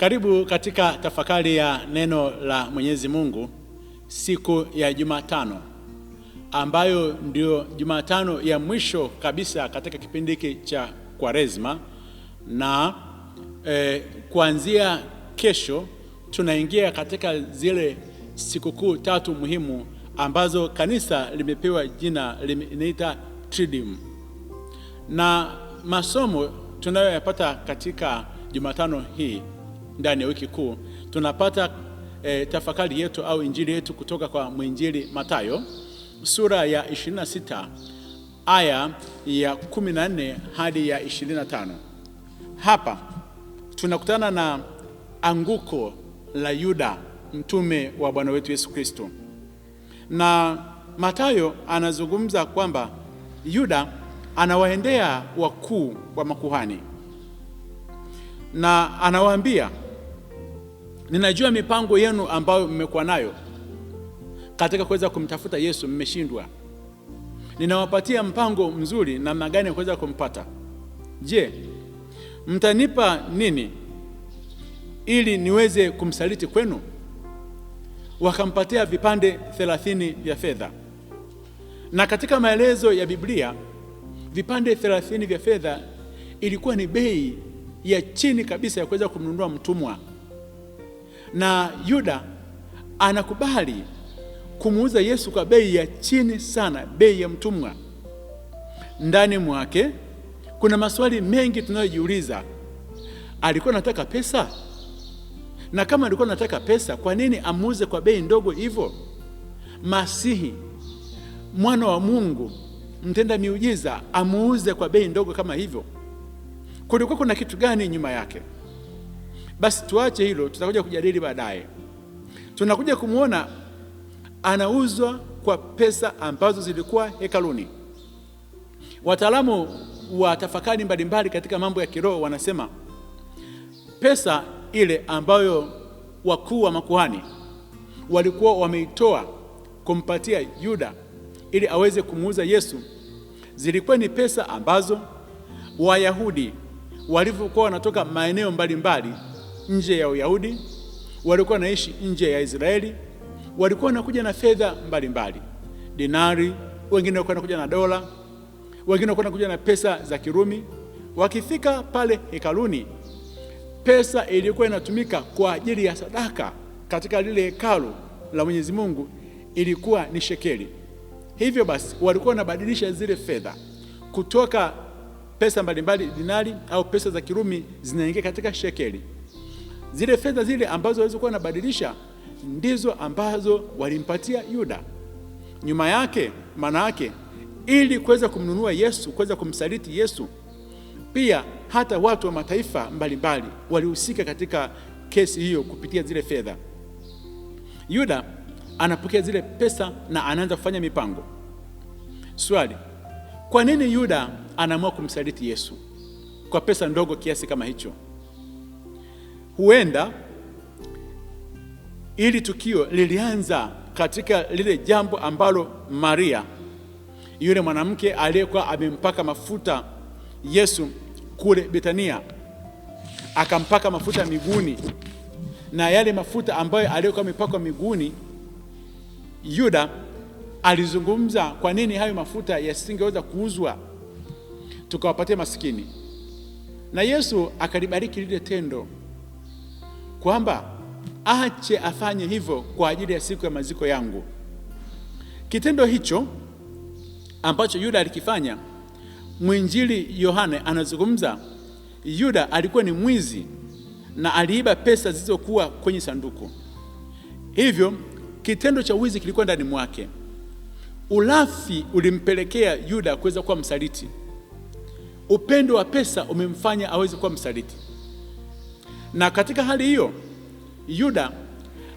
Karibu katika tafakari ya neno la Mwenyezi Mungu siku ya Jumatano ambayo ndio Jumatano ya mwisho kabisa katika kipindi hiki cha Kwaresma na eh, kuanzia kesho tunaingia katika zile sikukuu tatu muhimu ambazo kanisa limepewa jina linaita Triduum. Na masomo tunayoyapata katika Jumatano hii ndani ya wiki kuu tunapata e, tafakari yetu au injili yetu kutoka kwa mwinjili Mathayo sura ya 26 aya ya 14 hadi ya 25. Hapa tunakutana na anguko la Yuda mtume wa Bwana wetu Yesu Kristo, na Mathayo anazungumza kwamba Yuda anawaendea wakuu wa makuhani na anawaambia Ninajua mipango yenu ambayo mmekuwa nayo katika kuweza kumtafuta Yesu, mmeshindwa. Ninawapatia mpango mzuri namna gani ya kuweza kumpata. Je, mtanipa nini ili niweze kumsaliti kwenu? Wakampatia vipande thelathini vya fedha, na katika maelezo ya Biblia vipande thelathini vya fedha ilikuwa ni bei ya chini kabisa ya kuweza kumnunua mtumwa na Yuda anakubali kumuuza Yesu kwa bei ya chini sana, bei ya mtumwa. Ndani mwake kuna maswali mengi tunayojiuliza. Alikuwa anataka pesa? Na kama alikuwa anataka pesa, kwa nini amuuze kwa bei ndogo hivyo? Masihi mwana wa Mungu mtenda miujiza amuuze kwa bei ndogo kama hivyo? Kulikuwa kuna kitu gani nyuma yake? Basi tuache hilo, tutakuja kujadili baadaye. Tunakuja kumwona anauzwa kwa pesa ambazo zilikuwa hekaluni. Wataalamu wa tafakari mbalimbali katika mambo ya kiroho wanasema pesa ile ambayo wakuu wa makuhani walikuwa wameitoa kumpatia Yuda ili aweze kumuuza Yesu zilikuwa ni pesa ambazo Wayahudi walivyokuwa wanatoka maeneo mbalimbali nje ya Uyahudi, walikuwa wanaishi nje ya Israeli, walikuwa wanakuja na fedha mbalimbali, dinari, wengine walikuwa wanakuja na dola, wengine walikuwa wanakuja na pesa za Kirumi. Wakifika pale hekaluni, pesa iliyokuwa inatumika kwa ajili ya sadaka katika lile hekalu la Mwenyezi Mungu ilikuwa ni shekeli. Hivyo basi, walikuwa wanabadilisha zile fedha kutoka pesa mbalimbali, dinari au pesa za Kirumi, zinaingia katika shekeli. Zile fedha zile ambazo kuwa nabadilisha ndizo ambazo walimpatia Yuda nyuma yake. Maana yake ili kuweza kumnunua Yesu, kuweza kumsaliti Yesu. Pia hata watu wa mataifa mbalimbali walihusika katika kesi hiyo kupitia zile fedha. Yuda anapokea zile pesa na anaanza kufanya mipango. Swali, kwa nini Yuda anaamua kumsaliti Yesu kwa pesa ndogo kiasi kama hicho? huenda ili tukio lilianza katika lile jambo ambalo Maria yule mwanamke aliyekuwa amempaka mafuta Yesu kule Betania, akampaka mafuta miguuni, na yale mafuta ambayo aliyokuwa amepakwa miguuni, Yuda alizungumza kwa nini hayo mafuta yasingeweza kuuzwa tukawapatia masikini, na Yesu akalibariki lile tendo kwamba ache afanye hivyo kwa ajili ya siku ya maziko yangu. Kitendo hicho ambacho Yuda alikifanya, mwinjili Yohane anazungumza, Yuda alikuwa ni mwizi na aliiba pesa zilizokuwa kwenye sanduku. Hivyo kitendo cha wizi kilikuwa ndani mwake. Ulafi ulimpelekea Yuda kuweza kuwa msaliti. Upendo wa pesa umemfanya aweze kuwa msaliti. Na katika hali hiyo Yuda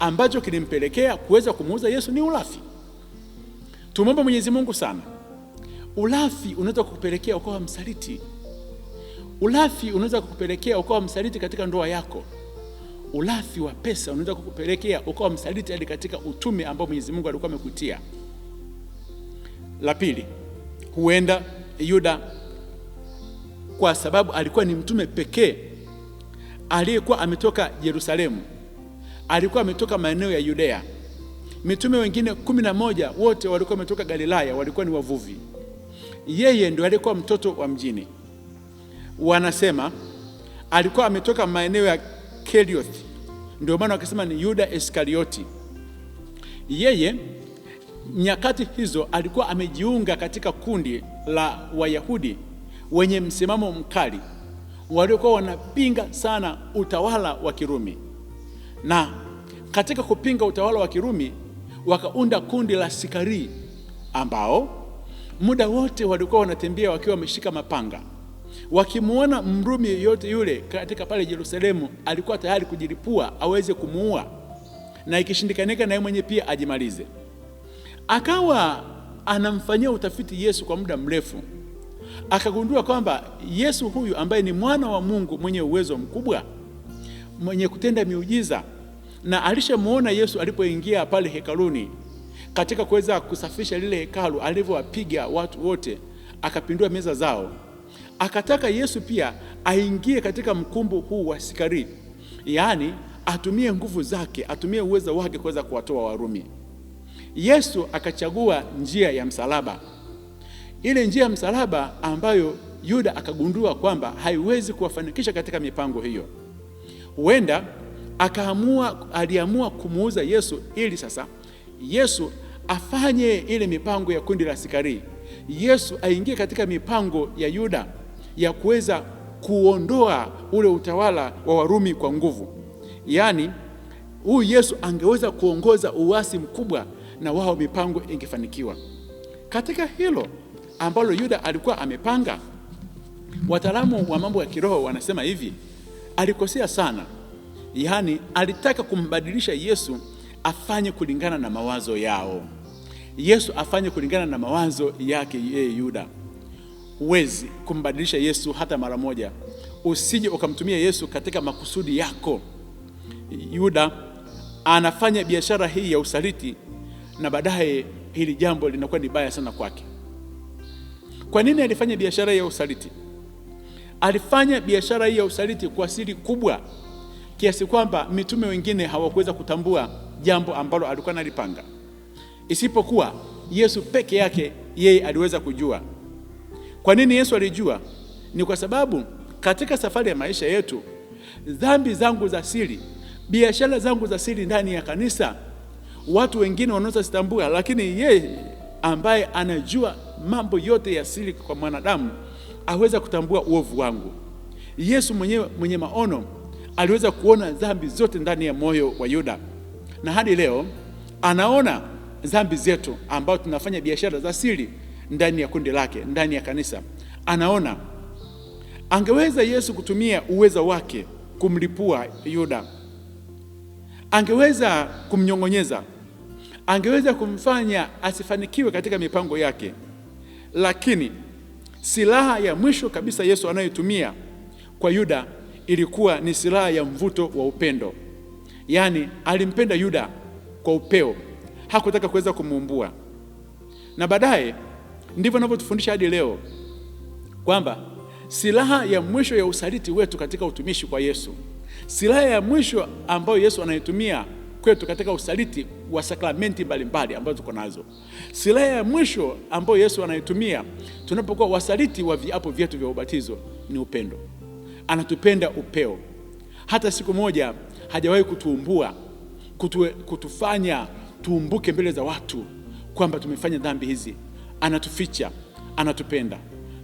ambacho kilimpelekea kuweza kumuuza Yesu ni ulafi. Tumwombe Mwenyezi Mungu sana. Ulafi unaweza kukupelekea ukawa msaliti. Ulafi unaweza kukupelekea ukawa msaliti katika ndoa yako. Ulafi wa pesa unaweza kukupelekea ukawa msaliti hadi katika utume ambao Mwenyezi Mungu alikuwa amekutia. La pili, huenda Yuda kwa sababu alikuwa ni mtume pekee aliyekuwa ametoka Yerusalemu, alikuwa ametoka maeneo ya Yudea. Mitume wengine kumi na moja wote walikuwa wametoka Galilaya, walikuwa ni wavuvi. Yeye ndio alikuwa mtoto wa mjini, wanasema alikuwa ametoka maeneo ya Kelioth, ndio maana wakasema ni Yuda Iskarioti. Yeye nyakati hizo alikuwa amejiunga katika kundi la Wayahudi wenye msimamo mkali waliokuwa wanapinga sana utawala wa Kirumi, na katika kupinga utawala wa Kirumi wakaunda kundi la Sikari ambao muda wote walikuwa wanatembea wakiwa wameshika mapanga. Wakimwona Mrumi yeyote yule katika pale Yerusalemu, alikuwa tayari kujilipua aweze kumuua, na ikishindikanika naye mwenyewe pia ajimalize. Akawa anamfanyia utafiti Yesu kwa muda mrefu akagundua kwamba Yesu huyu ambaye ni mwana wa Mungu mwenye uwezo mkubwa, mwenye kutenda miujiza, na alishamwona Yesu alipoingia pale hekaluni katika kuweza kusafisha lile hekalu, alivyowapiga watu wote, akapindua meza zao, akataka Yesu pia aingie katika mkumbu huu wa Sikari, yaani atumie nguvu zake, atumie uwezo wake kuweza kuwatoa Warumi. Yesu akachagua njia ya msalaba ile njia ya msalaba ambayo Yuda akagundua kwamba haiwezi kuwafanikisha katika mipango hiyo, huenda akaamua, aliamua kumuuza Yesu ili sasa Yesu afanye ile mipango ya kundi la Sikari. Yesu aingie katika mipango ya Yuda ya kuweza kuondoa ule utawala wa Warumi kwa nguvu. Yaani huyu Yesu angeweza kuongoza uasi mkubwa na wao mipango ingefanikiwa. Katika hilo ambalo Yuda alikuwa amepanga. Wataalamu wa mambo ya kiroho wanasema hivi, alikosea sana, yaani alitaka kumbadilisha Yesu afanye kulingana na mawazo yao, Yesu afanye kulingana na mawazo yake yeye Yuda. Huwezi kumbadilisha Yesu hata mara moja, usije ukamtumia Yesu katika makusudi yako. Yuda anafanya biashara hii ya usaliti na baadaye hili jambo linakuwa ni baya sana kwake. Kwa nini alifanya biashara ya usaliti? Alifanya biashara hii ya usaliti kwa siri kubwa kiasi kwamba mitume wengine hawakuweza kutambua jambo ambalo alikuwa analipanga, isipokuwa Yesu peke yake, yeye aliweza kujua. Kwa nini Yesu alijua? Ni kwa sababu katika safari ya maisha yetu, dhambi zangu za siri, biashara zangu za siri ndani ya kanisa, watu wengine wanaweza zitambua, lakini yeye ambaye anajua mambo yote ya siri kwa mwanadamu, aweza kutambua uovu wangu. Yesu mwenyewe mwenye maono aliweza kuona dhambi zote ndani ya moyo wa Yuda, na hadi leo anaona dhambi zetu ambao tunafanya biashara za siri ndani ya kundi lake, ndani ya kanisa, anaona. Angeweza Yesu kutumia uwezo wake kumlipua Yuda, angeweza kumnyong'onyeza, angeweza kumfanya asifanikiwe katika mipango yake. Lakini silaha ya mwisho kabisa Yesu anayoitumia kwa Yuda ilikuwa ni silaha ya mvuto wa upendo, yaani alimpenda Yuda kwa upeo, hakutaka kuweza kumuumbua. Na baadaye ndivyo anavyotufundisha hadi leo kwamba silaha ya mwisho ya usaliti wetu katika utumishi kwa Yesu, silaha ya mwisho ambayo Yesu anaitumia kwetu katika usaliti wa sakramenti mbalimbali ambazo tuko nazo. Silaha ya mwisho ambayo Yesu anaitumia tunapokuwa wasaliti wa viapo vyetu vya ubatizo ni upendo. Anatupenda upeo, hata siku moja hajawahi kutuumbua kutu, kutufanya tuumbuke mbele za watu kwamba tumefanya dhambi hizi. Anatuficha, anatupenda.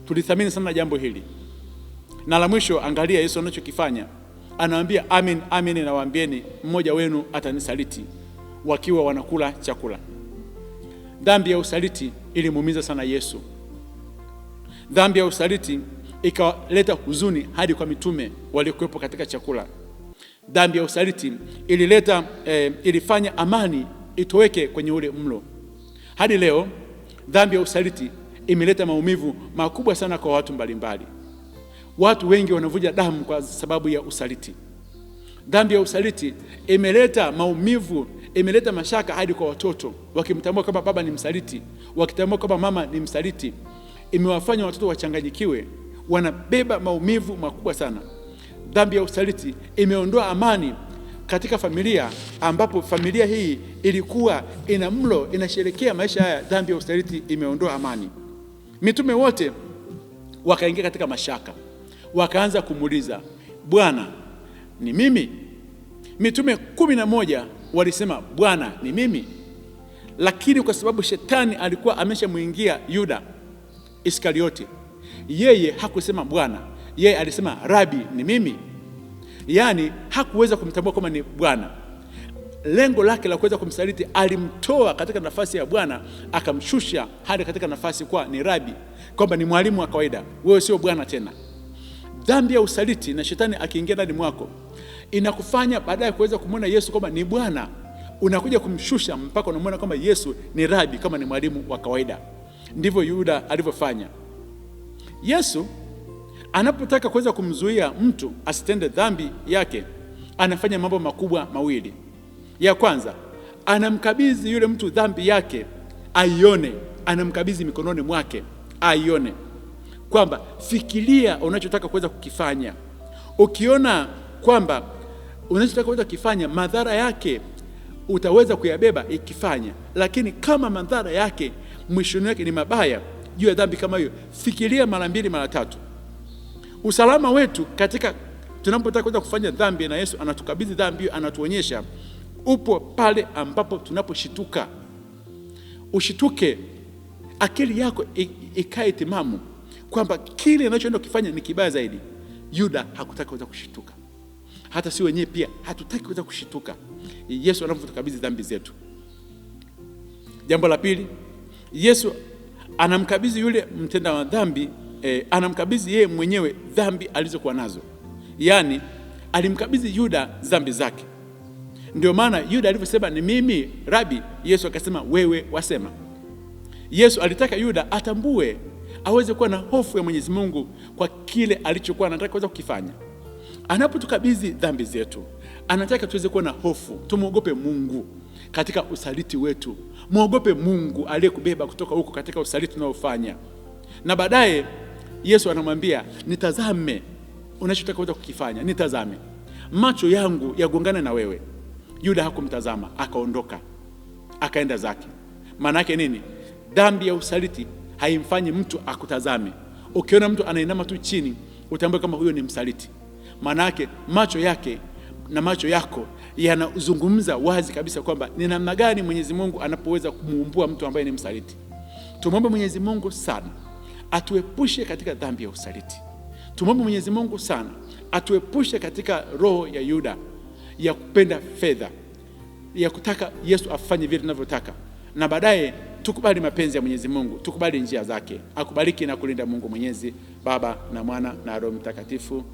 Tulithamini sana jambo hili. Na la mwisho, angalia Yesu anachokifanya. Anawaambia amin, amin nawaambieni, mmoja wenu atanisaliti. Wakiwa wanakula chakula. Dhambi ya usaliti ilimuumiza sana Yesu. Dhambi ya usaliti ikaleta huzuni hadi kwa mitume waliokuwepo katika chakula. Dhambi ya usaliti ilileta eh, ilifanya amani itoweke kwenye ule mlo. Hadi leo dhambi ya usaliti imeleta maumivu makubwa sana kwa watu mbalimbali. Watu wengi wanavuja damu kwa sababu ya usaliti. Dhambi ya usaliti imeleta maumivu, imeleta mashaka hadi kwa watoto, wakimtambua kama baba ni msaliti, wakitambua kama mama ni msaliti, imewafanya watoto wachanganyikiwe, wanabeba maumivu makubwa sana. Dhambi ya usaliti imeondoa amani katika familia ambapo familia hii ilikuwa ina mlo inasherekea maisha haya. Dhambi ya usaliti imeondoa amani. Mitume wote wakaingia katika mashaka wakaanza kumuuliza, Bwana ni mimi? Mitume kumi na moja walisema Bwana ni mimi, lakini kwa sababu shetani alikuwa ameshamwingia Yuda Iskarioti, yeye hakusema Bwana, yeye alisema Rabi ni mimi, yaani hakuweza kumtambua kama ni Bwana. Lengo lake la kuweza kumsaliti, alimtoa katika nafasi ya Bwana akamshusha hadi katika nafasi kuwa ni Rabi, kwamba ni mwalimu wa kawaida, wewe sio Bwana tena. Dhambi ya usaliti na shetani akiingia ndani mwako inakufanya baadaye kuweza kumwona Yesu kwamba ni Bwana, unakuja kumshusha mpaka unamwona kwamba Yesu ni rabi, kama ni mwalimu wa kawaida. Ndivyo Yuda alivyofanya. Yesu anapotaka kuweza kumzuia mtu asitende dhambi yake, anafanya mambo makubwa mawili. Ya kwanza, anamkabidhi yule mtu dhambi yake aione, anamkabidhi mikononi mwake aione kwamba fikiria unachotaka kuweza kukifanya. Ukiona kwamba unachotaka kuweza kukifanya madhara yake utaweza kuyabeba ikifanya, lakini kama madhara yake mwishoni wake ni mabaya juu ya dhambi kama hiyo, fikiria mara mbili mara tatu. Usalama wetu katika tunapotaka kuweza kufanya dhambi, na Yesu anatukabidhi dhambi hiyo, anatuonyesha upo pale ambapo tunaposhituka. Ushituke, akili yako ikae timamu kwamba kile anachoenda kukifanya ni kibaya zaidi. Yuda hakutaki kuweza kushituka, hata si wenyewe pia hatutaki kuweza kushituka Yesu anavyotukabidhi dhambi zetu. Jambo la pili, Yesu anamkabidhi yule mtenda wa dhambi eh, anamkabidhi yeye mwenyewe dhambi alizokuwa nazo, yaani alimkabidhi Yuda dhambi zake. Ndio maana Yuda alivyosema ni mimi Rabi, Yesu akasema wewe wasema. Yesu alitaka Yuda atambue aweze kuwa na hofu ya Mwenyezi Mungu kwa kile alichokuwa anataka kuweza kukifanya. Anapotukabidhi dhambi zetu, anataka tuweze kuwa na hofu, tumwogope Mungu katika usaliti wetu, mwogope Mungu aliyekubeba kutoka huko katika usaliti unaofanya. Na baadaye Yesu anamwambia nitazame, unachotaka kuweza kukifanya, nitazame, macho yangu yagongana na wewe. Yuda hakumtazama, akaondoka, akaenda zake. Maana yake nini? Dhambi ya usaliti haimfanyi mtu akutazame. Ukiona mtu anainama tu chini, utambue kama huyo ni msaliti. Maana macho yake na macho yako yanazungumza wazi kabisa kwamba ni namna gani Mwenyezi Mungu anapoweza kumuumbua mtu ambaye ni msaliti. Tumwombe Mwenyezi Mungu sana atuepushe katika dhambi ya usaliti. Tumwombe Mwenyezi Mungu sana atuepushe katika roho ya Yuda ya kupenda fedha, ya kutaka Yesu afanye vile tunavyotaka na baadaye Tukubali mapenzi ya Mwenyezi Mungu, tukubali njia zake. Akubariki na kulinda Mungu Mwenyezi, Baba na Mwana na Roho Mtakatifu.